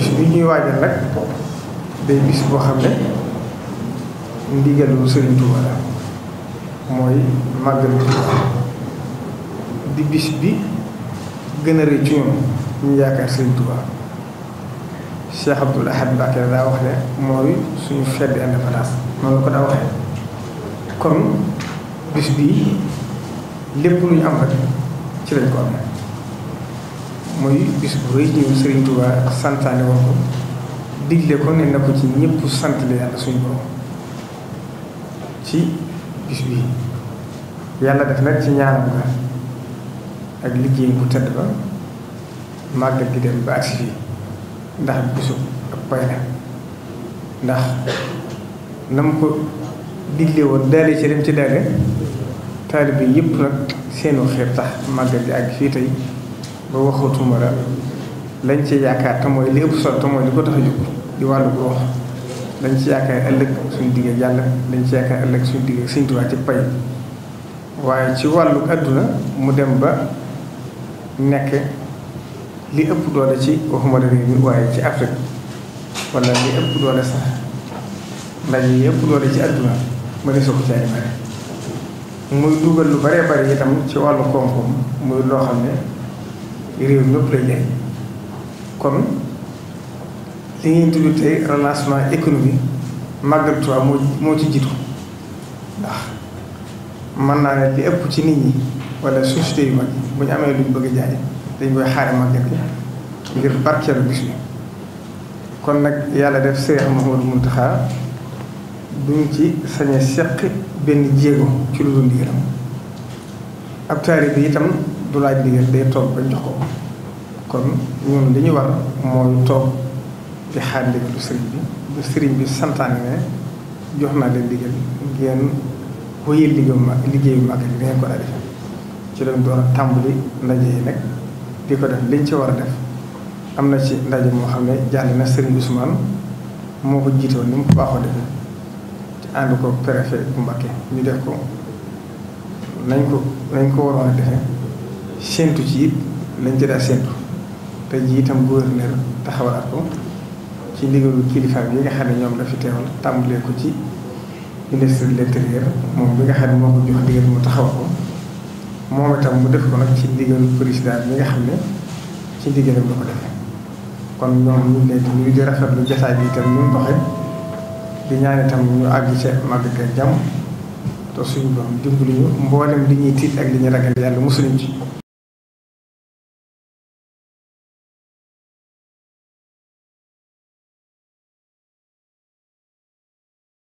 bis bi ñuy waajal nag day bis boo xam ne ndigalu Sëriñ Tuuba la mooy màggalu Tuuba di bis bi gën a rëy ci ñoom ñu yaakaar Sëriñ Tuuba Cheikh Abdoul Ahad Mbacké daa wax ne mooy suñu fête indépendance noonu la ko daa waxee kon bis bi lépp lu ñu am rek ci lañ ko am muy bis bu rëy ñëw Serigne Touba ak santaane woon ko digle ko ne na ko ci ñëpp sant la yàlla suñu borom ci bis bi yàlla def nag ci ñaanam ga ak liggéey bu tedd ba màggal gi dem ba agsi fii ndax bisu ak bay la ndax na mu ko digle woon daale ci dem ci daale taalibe yëpp nag seenu xeer tax màggal gi ak fii tey ba waxatuma la ci yaakaar te mooy li ëpp solo te li ko tax a jóg di wàllu gox lañ ci yaakaar ëllëg suñu digg yàlla lañ ci yaakaar ëllëg suñu digg suñu Tuubaa ci pay waaye ci wàllu adduna mu dem ba nekk li ëpp doole ci waxuma la réew mi waaye ci Afrique wala li ëpp doole sax ndaje yi ëpp doole ci àdduna ma ne soo ko caay bare muy dugal lu baree bari itam ci wàllu koom-koom muy loo xam ne réew mépp lay jëriñ kon li ngeen tudd tey relancement économique màggal Tuubaa moo moo ci jiitu ndax mën naa ne li ëpp ci nit ñi wala société yu mag yi bu ñu amee luñ bëgg jaay dañ koy xaare màggal bi ngir barkeelu bis bi kon nag yàlla def Sëriñ Mouhamadou Mountakha duñ ci sañ a seq benn jéego ci lu dul ndigalam ab taalibe bi itam du laaj ndigal day toog ba jox ko kon ñun li war mooy toog di xaar ndigalu sëriñ bi bu sëriñ bi santaane ne jox naa leen ndigal ngeen wéyee liggéeyu mag liggéeyu mag li ngeen ko daa defe ci lañ door a tàmbali ndaje yi nag di ko def liñ ci war a def am na ci ndaje moo xam ne jàll na sëriñ Ousmane moo ko jiitoon ni mu ko baaxoo defee ci ànd ko préfet bu Mbacké ñu def ko nañ ko nañ ko waroon a defee séntu ci it lañ ci daal séntu te jii itam gouverneur taxawaat ko ci ndigalu kilifa bi nga xam ne ñoom la fi teewal tàmbalee ko ci ministre de l'intérieur moom bi nga xam ne moo ko jox ndigal mu taxaw ko moom itam mu def ko nag ci ndigalu président bi nga xam ne ci ndigalam la ko defee kon ñoom ñu ngi leen di di rafetlu jotaay bi itam ñu doxee di ñaan itam ñu àgg ci màgg ak jàmm te suñu borom lu ñu mboolem li ñuy tiit ak li ñuy ragal yàlla mosuñu ci.